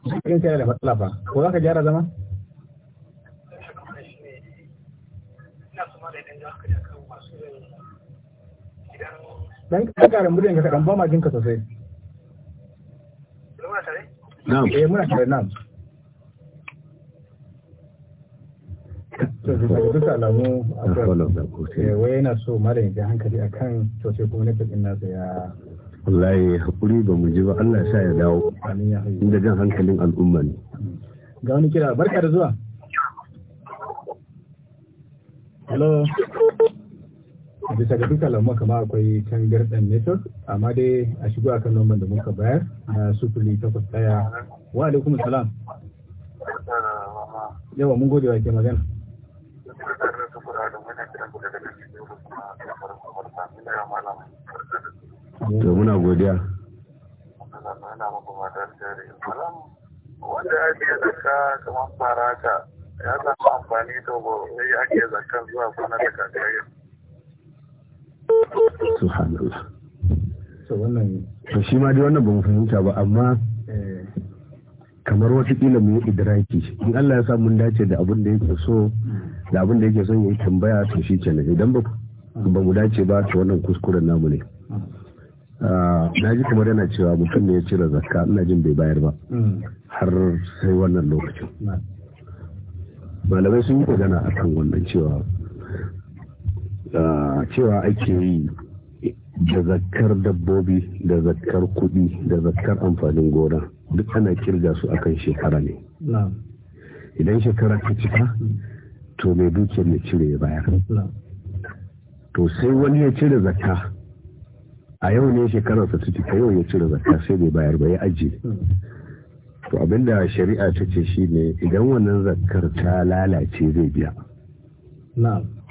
cikin da matsala fa ko za ka gyara zama dan ka karan muryan ka kadan ba ma jinka sosai na'am eh muna tare nan. duk alamu eh, wai yana so malam ya hankali akan to sai kuma na din nasa ya wallahi hakuri ba mu ji ba Allah sa ya dawo inda jan hankalin al'umma ne ga wani kira barka da zuwa hello bisa ga duka lamar kama akwai tangarɗan network amma dai a shigo akan lambar da muka bayar na sufuri takwas daya wa alaikum salam yawa mun gode wa ke magana to muna godiya wanda ake zaka kamar ka ya zama amfani da ake zakan zuwa kwanar da kakayar subhanallah to shi ma dai wannan ba mu fahimta ba amma eh. kamar watakila mu yi idraki in Allah ya sa mun dace da abin da yake so da abin da yake son yi tambaya to shi kenan idan ba ba mu dace ba to wannan kuskuren namu ne ah, na ji kamar yana cewa mutum ne ya cire zakka ina jin bai bayar ba hmm. har sai wannan lokacin malamai sun yi magana akan wannan cewa cewa ake yi da zakar dabbobi da zakar kuɗi da zakar amfanin gona duk ana kirga su akan shekara ne idan shekara ta cika to mai dukiyar mai cire ya bayar to sai wani ya cire zakka a yau ne shekararsa ta cika yau ya cire zakka sai bai bayar ba ya ajiye hmm. to abinda shari'a ta ce shine idan wannan zakkar ta lalace zai biya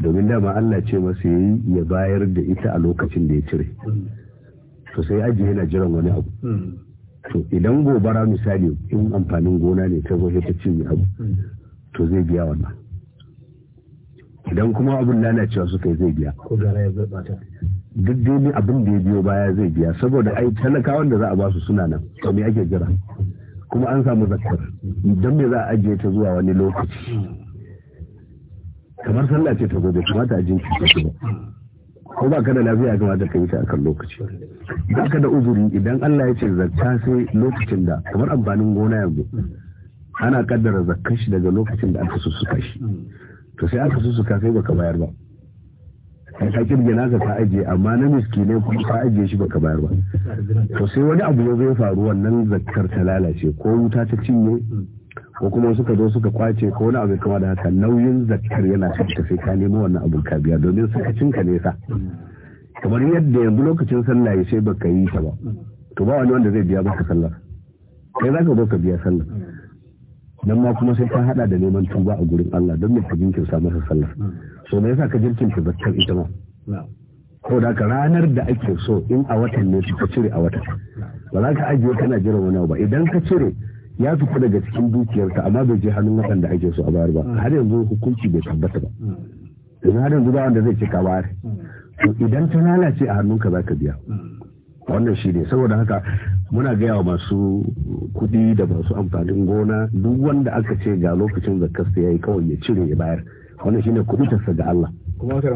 domin dama Allah ce masu yi ya bayar da ita a lokacin da ya cire to sai aji yana jiran wani abu hmm. to idan gobara misali in amfanin gona ne ta zo ta cinye abu hmm. to zai biya wannan idan kuma abin lalacewa suka yi zai biya duk dai abin da ya biyo baya zai biya saboda ai talakawan da za a ba su suna nan to me ake jira kuma an samu zakkar don me za a ajiye ta zuwa wani lokaci hmm. kamar sallah ce ta gobe kamar kamata a jinkirta ba ko ba ka da lafiya kamata ka yi ta akan lokaci ba ka da uzuri idan Allah ya ce zakka sai lokacin da kamar amfanin gona yanzu ana kaddara zakkan shi daga lokacin da aka susuka shi to sai aka susuka sai baka bayar ba kai ka kirge naka ka ajiye amma na miskine kuma ka ajiye shi baka bayar ba to sai wani abu ya zai faru wannan zakkar ta lalace ko wuta ta cinye ko kuma suka zo suka kwace ko wani abu kama da haka nauyin zakkar yana cikin sai ka nemo wannan abu ka biya domin sakacinka nesa nesa kamar yadda yanzu lokacin sallah ya sai baka yi ta ba to ba wani wanda zai biya baka sallar kai za ka zo ka biya sallar nan ma kuma sai ka hada da neman tuba a gurin Allah don mai ka jinkirta masa sallar so me yasa ka jinkirta zakkar ita ma ko da ka ranar da ake so in a watan ne ka cire a watan ba za ka ajiye kana jiran wani ba idan ka cire ya fita daga cikin dukiyarka amma bai je hannun waɗanda ake so a bayar ba har yanzu hukunci bai tabbata ba yanzu har yanzu ba wanda zai ce ka bayar to idan ta lalace a hannunka za ka biya wannan shi ne saboda haka muna gaya wa masu kuɗi da masu amfanin gona duk wanda aka ce ga lokacin zakarsa ya yi kawai ya cire ya bayar wannan shi ne ta kuɗutarsa ga Allah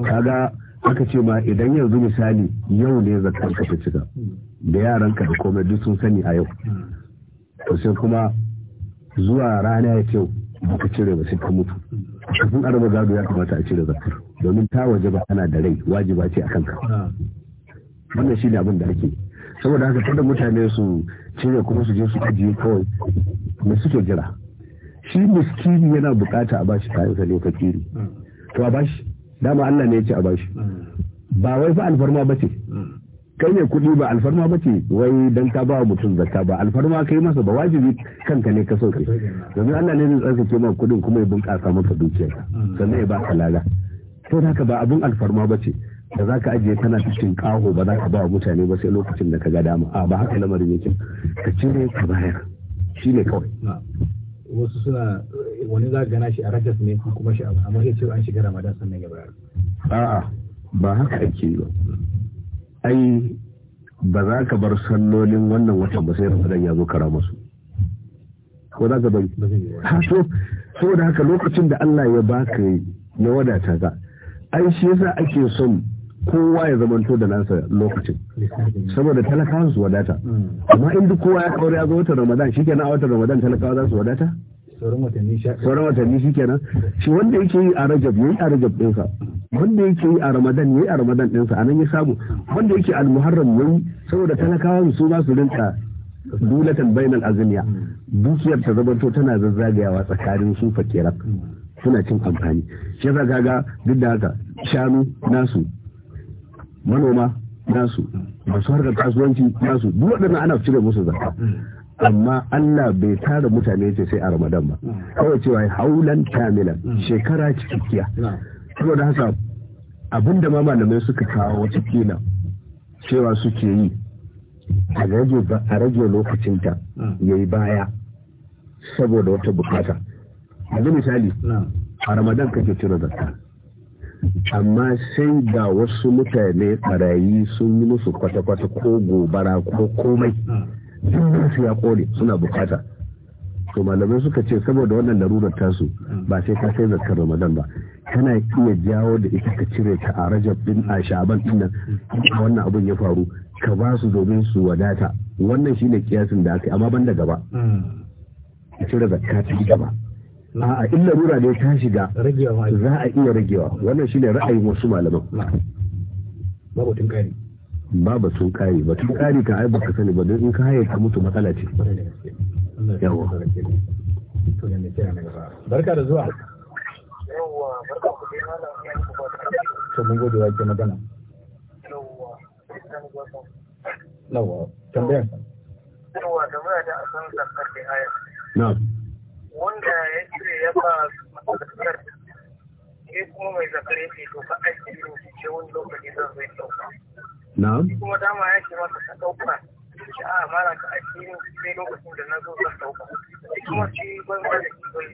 kaga aka ce ma idan yanzu misali yau ne zakarka ta cika da yaranka da komai duk sun sani a yau to sai kuma zuwa rana ya kyau ba ka cire ba sai ka mutu kafin araba gado ya kamata a cire zakar domin ta waje ba tana da rai wajiba ce a kanka wannan shi ne abin da ake saboda haka kada mutane su cire kuma su je su ajiye kawai mai suke jira shi miskini yana bukata a bashi kayan sa ne fakiri to a bashi dama Allah ne ya ce a bashi ba wai fa alfarma ba ce ne kuɗi ba alfarma ba ce wai dan ka ba mutum zakka ba alfarma kai masa ba wajibi kanka ne ka sauke domin Allah ne zai tsarkake ma kuɗin kuma ya bunƙasa masa dukiyarka sannan ya ba ka lada to haka ba abun alfarma ba ce da za ka ajiye tana cikin ƙaho ba za ka ba wa mutane ba sai lokacin da ka ga dama a ba haka lamarin yake ka cire ka bayar shi ne kawai wasu suna wani za gana shi a rajas ne kuma shi amma sai ce an shiga ramadan sannan ya bayar a'a ba haka ake yi ba ai ba za ka bar sannolin wannan watan ba sai ramadan ya zo kara masu ko za ka bari ha so saboda haka lokacin da Allah ya baka ya wadata ka ai shi yasa ake son kowa ya zamanto da nasa lokacin saboda talakawa su wadata mm. amma in duk kowa ya kawo ya zo watan ramadan shi shikenan a watan ramadan talakawa za su wadata sauran watanni shi kenan shi wanda yake yi a rajab yayi a rajab ɗinsa wanda yake yi a ramadan yayi a ramadan ɗinsa nan ya samu wanda yake al-muharram yayi saboda talakawa su ba su rinka dulatan bainal azmiya dukiyar ta zamanto tana zazzagayawa tsakanin su fakiran suna cin amfani shi yasa kaga duk da haka shanu nasu manoma nasu masu harkar kasuwanci nasu duk waɗannan ana cire musu zakka amma Allah bai tara mutane ce sai a Ramadan ba hmm. kawai cewa haulan kamilan hmm. shekara cikakkiya hmm. saboda haka abinda ma malamai suka kawo wata kila cewa suke yi a rage lokacinta ya yi baya saboda wata bukata yanzu misali a ramadan kake cire zakka amma sai ga wasu mutane ɓarayi sun yi musu kwata-kwata ko gobara ko komai sun su ya kone suna bukata to malamai suka ce saboda wannan larurar tasu ba sai ka sai zakar ramadan ba kana iya jawo da ita ka cire ta a rajab din a shaban din nan wannan abun ya faru ka ba su domin su wadata wannan shine kiyasin da aka yi amma ban da gaba ka cire zakka ta gaba a'a in larura ne ta shiga za a iya ragewa wannan shine ra'ayin wasu malaman ba ba batun kari tun kari ka ai baka sani ba don in ka haye ka mutu matsala ce yawa barka da zuwa yawa barka ku dai malam to mun gode wa ke magana yawa tambayar yawa da muna da asan zakar da haya na wanda ya ce ya ba zakar sai kuma mai zakar yake to ka aiki ne wani lokaci zan zai na'am kuma dama ya ce masa ka dauka a mara ka ake yin sai lokacin da na zo zan dauka kuma shi ban ba da shi bai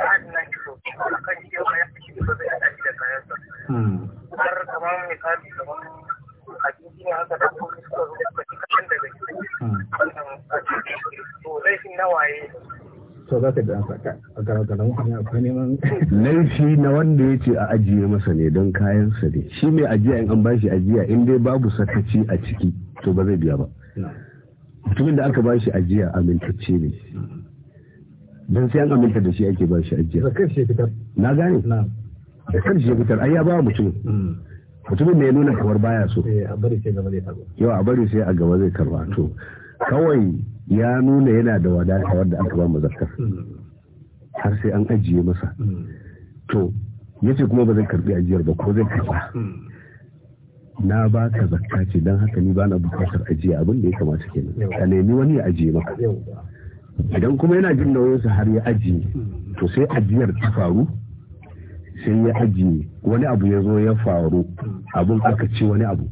sa'ad na ki so a kan shi yau ya fi ba zai haɗa da kayan sa hmm. har kamar mai kari kamar a cikin haka da kuma suka zo daga hmm. shi to laifin nawaye to za ka ji an laifi na wanda ya ce a ajiye masa ne don kayansa ne shi mai ajiya in an bashi ajiya in dai babu sakaci a ciki to ba zai biya ba mutumin da aka bashi ajiya amintacce ne don sai an aminta da shi ake bashi ajiya na gane da kan shi fitar ai ya ba mutum hmm. mutumin da ya nuna kamar baya so eh, yau a bari sai a gaba zai karba to kawai ya nuna yana da wadata wadda aka ba mu zakar hmm. har sai an ajiye masa to ya ce kuma ba zai karbi ajiyar ba ko zai karba na ba ka zakka ce don haka ni ba na bukatar ajiye abin da ya kamata kenan ka nemi wani ya ajiye maka idan kuma yana jin nauyinsa har ya ajiye to sai ajiyar ta faru sai ya ajiye wani abu ya zo ya faru abin aka ce wani abu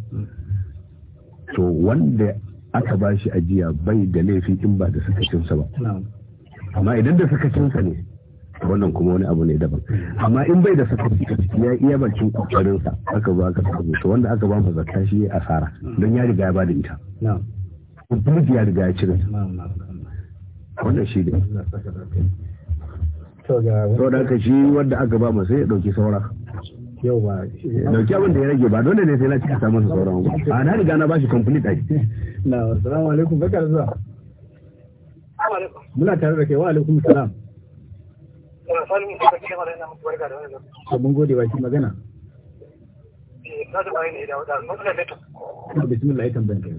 to wanda aka ba shi ajiya bai da laifin in ba da sakacinsa ba amma idan da sakacinsa ne wannan kuma wani abu ne daban amma in bai da sakaci ya iya bakin kokarin sa aka zo aka sakaci to wanda aka ba mu zakka shi asara don ya riga ya bada ita na'am ya riga ya cire wannan shi ne to da aka shi wanda aka ba mu sai ya dauki saura yau ba dauki abin da ya rage ba dole ne sai na cika samun sauran ba a na riga na bashi complete ai na assalamu alaikum barka da zuwa muna tare da kai wa alaikum salam to mun gode baki magana bismillah ya tambayin kai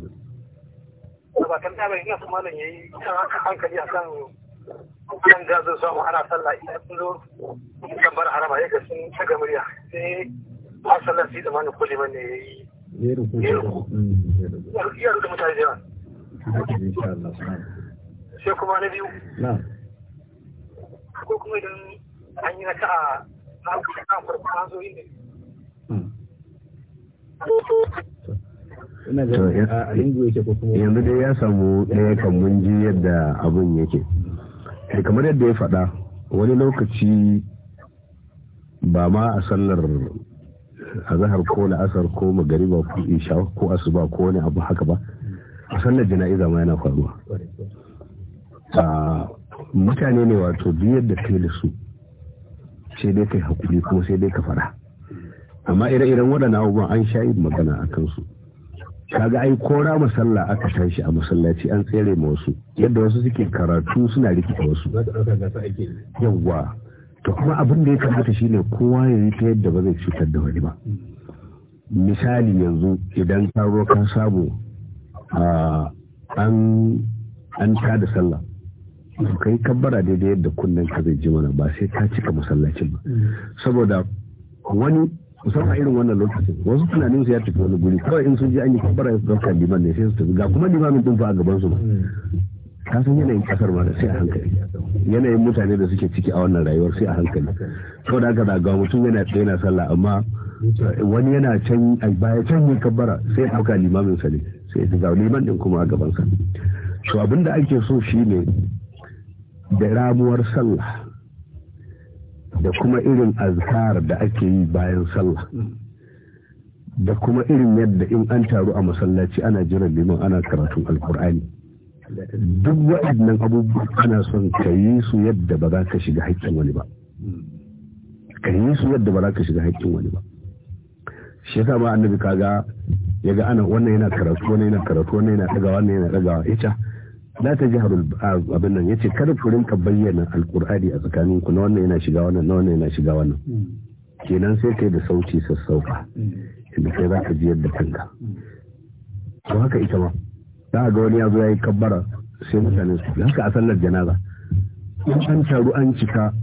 ba kan ta bai su malam yayi kan haka hankali akan kan gazin samu ana sallah ina sun zo kan bar harama ya sun daga murya sai ba sallah sai da mani kulli bane yayi ya ruku ya ya ruku mutane da yawa sai kuma na biyu na'am ko kuma idan an yi hmm. a yanzu dai ya samu ɗaya kan mun yadda abin yake kamar yadda ya faɗa wani lokaci ba ma a sallar a zahar ko la'asar ko magariba ko isha ko asuba ko wani abu haka ba a sallar jana'iza ma yana faruwa mutane ne wato biyar da kai da su sai dai kai hakuri kuma sai dai ka fara amma ire-iren waɗanda abubuwan an sha yin magana a kansu kaga ai kora masalla aka tashi a masallaci an tsere ma wasu yadda wasu suke karatu suna rikita wasu yawwa to kuma abin da ya kamata shine kowa ya yi ta yadda ba zai cutar da wani ba misali yanzu idan ka kan samu ah, an ta da sallah ka yi kabbara daidai yadda kunnen ka zai ji mana ba sai ka cika masallacin ba mm. saboda wani musamman irin wannan lokacin wasu tunanin su ya tafi wani guri kawai in sun ji an yi kabbara su ka liman ne sai su tafi ga kuma limamin din fa a gaban su ba mm. ka san yanayin kasar ma da sai a hankali yanayin mutane da suke ciki a wannan rayuwar sai a hankali saboda haka da ga mutum yana tsaye na sallah amma wani yana can baya can yi kabbara sai ya dauka limamin sa ne sai ya ga liman kuma a gaban sa to abinda ake so shi ne. da ramuwar sallah da kuma irin azkar da ake yi bayan sallah da kuma irin yadda in an taru a masallaci ana jiran liman ana karatun alkur'ani duk waɗannan abubuwa ana son ka yi su yadda ba za ka shiga haƙƙin wani ba ka yi su yadda ba za ka shiga haƙƙin wani ba shi yasa ma annabi kaga ya ga ana wannan yana karatu wannan yana karatu wannan yana ɗagawa wannan yana ɗagawa ita la ta jihar abin nan ya ce kada ku rinka bayyana alkur'ani a tsakanin ku na wannan yana shiga wannan na wannan yana shiga wannan kenan sai kai da sauti sassauka inda kai za ka jiyar da kanka to haka ita ma za a ga wani ya zo ya yi kabbara sai mutane su haka a sallar janaza in an taru an cika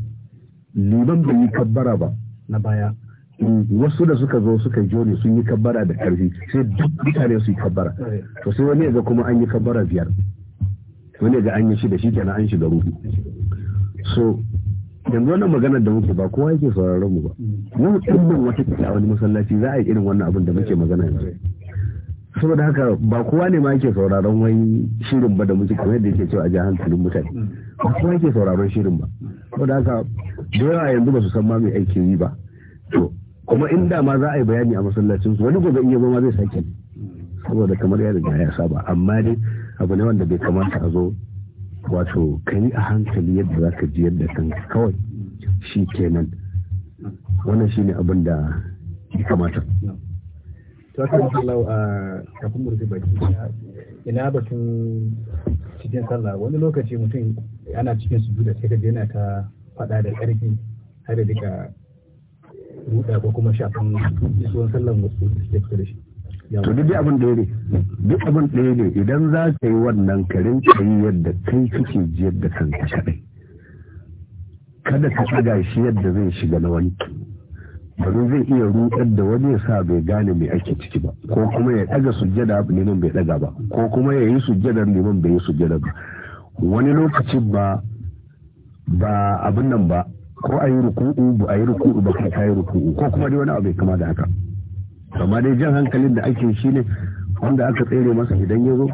liban bai yi kabbara ba na baya wasu da suka zo suka jone sun yi kabbara da karfi sai duk mutane su yi kabbara to sai wani ya ga kuma an yi kabbara biyar wani ga an yi shi da shi kenan an shiga ruhu so yanzu wannan maganar da muke ba kowa yake sauraron mu ba mu mun wata a wani masallaci za a yi irin wannan abin da muke magana yanzu saboda haka ba kowa ne ma yake sauraron wani shirin ba da muke kamar yadda yake cewa a jihar hankalin mutane ba kowa yake sauraron shirin ba saboda haka da yawa yanzu ba su san ma mai aiki yi ba to kuma in da ma za a yi bayani a masallacin su wani gobe in yabo ma zai sake saboda kamar ya riga ya saba amma dai abu ne wanda bai kamata a zo wato ka yi a hankali yadda za ka ji yadda kanka kawai shi kenan wannan shi ne abin da ya kamata to aka yi a kafin murfi baki ina batun cikin sallah wani lokaci mutum ana cikin su da sai ka yana ta faɗa da ƙarfi har da duka ruɗa ko kuma shafin isuwan sallan musu da da shi to duk abin ɗaya ne duk abin ɗaya ne idan za ka yi wannan karin kayi yadda kai kake jiyar da kanka kaɗai kada ka ɗaga shi yadda zai shiga na wani ba zai iya rudar da wani ya sa bai gane mai ake ciki ba ko kuma ya ɗaga sujjada liman bai ɗaga ba ko kuma ya yi sujjadar liman bai yi sujjada ba wani lokacin ba ba abin nan ba ko a yi ruku'u ba a yi ruku'u ba kai ka yi ruku'u ko kuma dai wani abu kama da haka amma dai jan hankalin da ake shi ne wanda aka tsere masa idan ya zo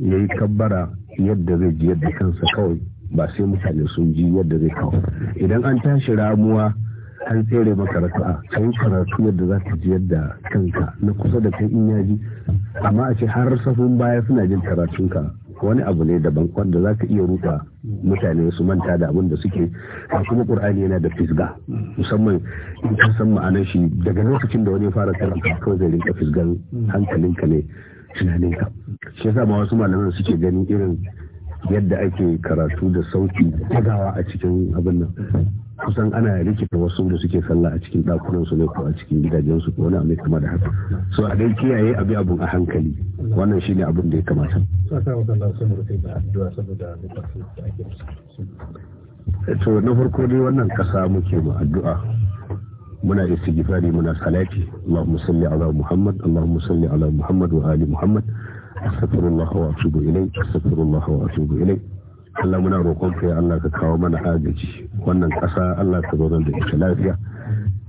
ya yi kabbara yadda zai ji yadda kansa kawai ba sai mutane sun ji yadda zai kawo idan an tashi ramuwa an tsere maka raka'a kai karatu yadda za ka ji yadda kanka na kusa da kan in yaji amma a ce har safin baya suna jin karatunka wani abu ne daban wanda za ka iya rufa mutane su manta da abin da suke a kuma ƙur'ani yana da fisga musamman in ka san ma'anar shi daga lokacin da wani fara karanta kawai zai rinka fisgan hankalinka ne tunaninka shi yasa ma wasu malaman suke ganin irin yadda ake karatu da sauki tagawa a cikin abin nan kusan ana rikita wasu da suke sallah a cikin ɗakunan su ne ko a cikin gidajensu ko wani abu kamar da haka so a dai kiyaye abi abun a hankali wannan shi ne abin da ya kamata to na farko dai wannan kasa muke mu addu'a muna istighfari muna salati Allahumma salli ala Muhammad Allahumma salli ala Muhammad wa ali Muhammad astaghfirullah wa atubu a astaghfirullah wa atubu ilayk Allah muna roƙon ka ya Allah ka kawo mana agaji wannan kasa Allah ka zo da ita lafiya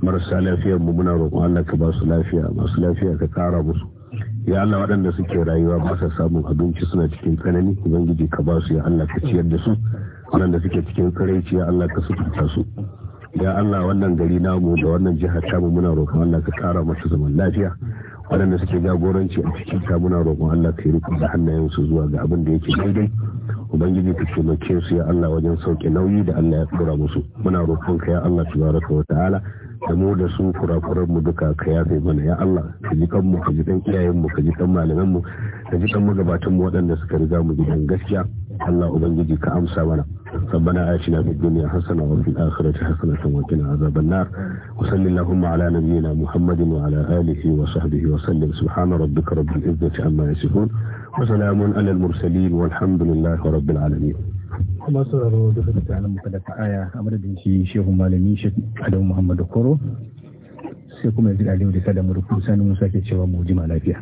marasa lafiyar mu muna roƙon Allah ka ba su lafiya masu lafiya ka kara musu ya Allah waɗanda suke rayuwa ba sa samun abinci suna cikin tsanani ubangiji ka ba su ya Allah ka ciyar da su waɗanda suke cikin tsiraici ya Allah ka suturta su ya Allah wannan gari namu da wannan jihar tamu muna roƙon Allah ka ƙara masa zaman lafiya waɗanda suke jagoranci a cikin ta muna roƙon Allah ka yi riko da hannayensu zuwa ga abin da yake daidai ubangiji ka taimake su ya Allah wajen sauke nauyi da Allah ya tsora musu muna roƙon ka ya Allah tabaraka wa ta'ala da mu da su kurakuran mu duka ka yafe mana ya Allah ka ji kanmu ka ji kan mu ka ji kan malaman ka ji kan magabatan waɗanda suka riga mu gidan gaskiya Allah ubangiji ka amsa mana sabana a cikin duniya dunya hasana wa fil akhirati hasana wa qina azaban azabanna wa sallallahu ala nabiyyina muhammadin wa ala alihi wa sahbihi wa sallam subhana rabbika rabbil izzati amma yasifun wa salamun ala al mursalin walhamdulillahi rabbil alamin kuma sauraro duka da ta alamu da aya a madadin shi shehu malami shi adamu muhammadu koro sai kuma yanzu aliyu da da murku sani musa ke cewa mu jima lafiya